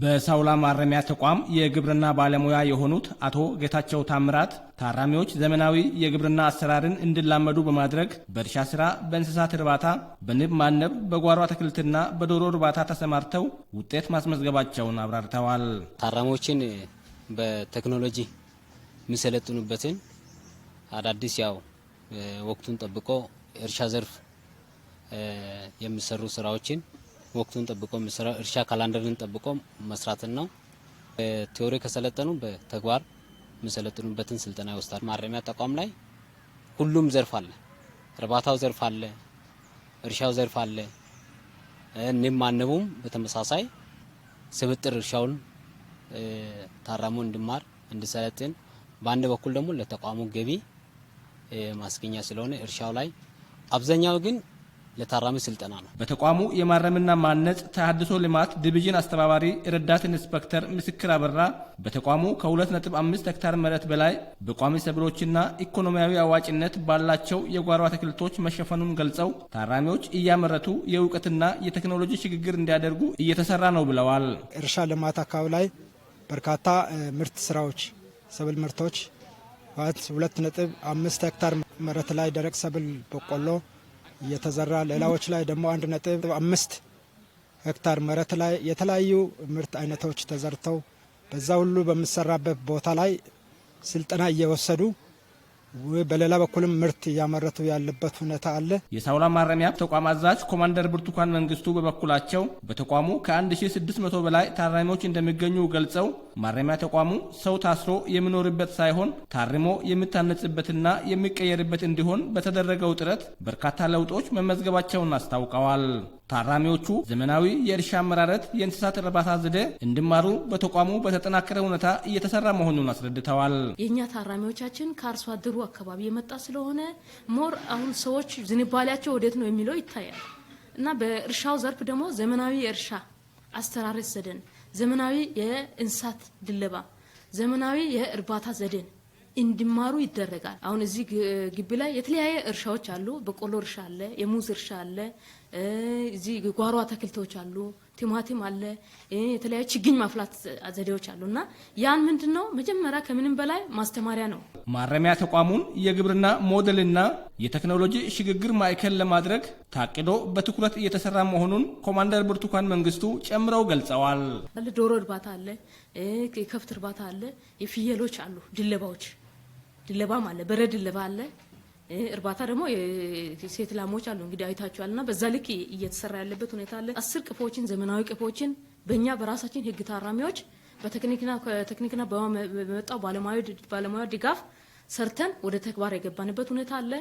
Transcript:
በሳውላ ማረሚያ ተቋም የግብርና ባለሙያ የሆኑት አቶ ጌታቸው ታምራት ታራሚዎች ዘመናዊ የግብርና አሰራርን እንዲላመዱ በማድረግ በእርሻ ስራ፣ በእንስሳት እርባታ፣ በንብ ማነብ፣ በጓሮ አትክልትና በዶሮ እርባታ ተሰማርተው ውጤት ማስመዝገባቸውን አብራርተዋል። ታራሚዎችን በቴክኖሎጂ የሚሰለጥኑበትን አዳዲስ ያው ወቅቱን ጠብቆ እርሻ ዘርፍ የሚሰሩ ስራዎችን ወቅቱን ጠብቆ እርሻ ካላንደርን ጠብቆ መስራትን ነው። ቴዎሪ ከሰለጠኑ በተግባር የሚሰለጥኑበትን ስልጠና ይወስዳል። ማረሚያ ተቋም ላይ ሁሉም ዘርፍ አለ። እርባታው ዘርፍ አለ፣ እርሻው ዘርፍ አለ። እኔም ማነቡም በተመሳሳይ ስብጥር እርሻውን ታራሙ እንድማር እንድሰለጥን፣ በአንድ በኩል ደግሞ ለተቋሙ ገቢ ማስገኛ ስለሆነ እርሻው ላይ አብዛኛው ግን ለታራሚ ስልጠና ነው። በተቋሙ የማረምና ማነጽ ተሃድሶ ልማት ዲቪዥን አስተባባሪ ረዳት ኢንስፔክተር ምስክር አበራ በተቋሙ ከ2.5 ሄክታር መሬት በላይ በቋሚ ሰብሎችና ኢኮኖሚያዊ አዋጭነት ባላቸው የጓሮ አትክልቶች መሸፈኑን ገልጸው ታራሚዎች እያመረቱ የእውቀትና የቴክኖሎጂ ሽግግር እንዲያደርጉ እየተሰራ ነው ብለዋል። እርሻ ልማት አካባቢ ላይ በርካታ ምርት ስራዎች ሰብል ምርቶች ሁለት ነጥብ አምስት ሄክታር መሬት ላይ ደረቅ ሰብል በቆሎ እየተዘራ ሌላዎች ላይ ደግሞ አንድ ነጥብ አምስት ሄክታር መሬት ላይ የተለያዩ ምርት አይነቶች ተዘርተው በዛ ሁሉ በሚሰራበት ቦታ ላይ ስልጠና እየወሰዱ በሌላ በኩልም ምርት እያመረቱ ያለበት ሁኔታ አለ። የሳውላ ማረሚያ ተቋም አዛዥ ኮማንደር ብርቱካን መንግስቱ በበኩላቸው በተቋሙ ከ1600 በላይ ታራሚዎች እንደሚገኙ ገልጸው ማረሚያ ተቋሙ ሰው ታስሮ የሚኖርበት ሳይሆን ታርሞ የሚታነጽበትና የሚቀየርበት እንዲሆን በተደረገው ጥረት በርካታ ለውጦች መመዝገባቸውን አስታውቀዋል። ታራሚዎቹ ዘመናዊ የእርሻ አመራረት፣ የእንስሳት እርባታ ዘዴ እንዲማሩ በተቋሙ በተጠናከረ ሁኔታ እየተሰራ መሆኑን አስረድተዋል። የእኛ ታራሚዎቻችን ከአርሶ አደሩ ከወዲሁ አካባቢ የመጣ ስለሆነ ሞር አሁን ሰዎች ዝንባሌያቸው ወዴት ነው የሚለው ይታያል እና በእርሻው ዘርፍ ደግሞ ዘመናዊ የእርሻ አስተራረስ ዘዴን፣ ዘመናዊ የእንስሳት ድለባ፣ ዘመናዊ የእርባታ ዘዴን እንዲማሩ ይደረጋል። አሁን እዚህ ግቢ ላይ የተለያየ እርሻዎች አሉ። በቆሎ እርሻ አለ፣ የሙዝ እርሻ አለ፣ እዚህ ጓሮ አትክልቶች አሉ። ቲማቲም አለ፣ የተለያዩ ችግኝ ማፍላት ዘዴዎች አሉ እና ያን ምንድን ነው መጀመሪያ ከምንም በላይ ማስተማሪያ ነው። ማረሚያ ተቋሙን የግብርና ሞዴልና የቴክኖሎጂ ሽግግር ማዕከል ለማድረግ ታቅዶ በትኩረት እየተሰራ መሆኑን ኮማንደር ብርቱካን መንግስቱ ጨምረው ገልጸዋል። ዶሮ እርባታ አለ፣ የከብት እርባታ አለ፣ የፍየሎች አሉ፣ ድለባዎች ድለባም አለ፣ በረ ድለባ አለ እርባታ ደግሞ ሴት ላሞች አሉ እንግዲህ አይታችኋል። እና በዛ ልክ እየተሰራ ያለበት ሁኔታ አለ። አስር ቅፎችን ዘመናዊ ቅፎችን በእኛ በራሳችን ህግ ታራሚዎች በቴክኒክና በመጣው ባለሙያ ድጋፍ ሰርተን ወደ ተግባር የገባንበት ሁኔታ አለ።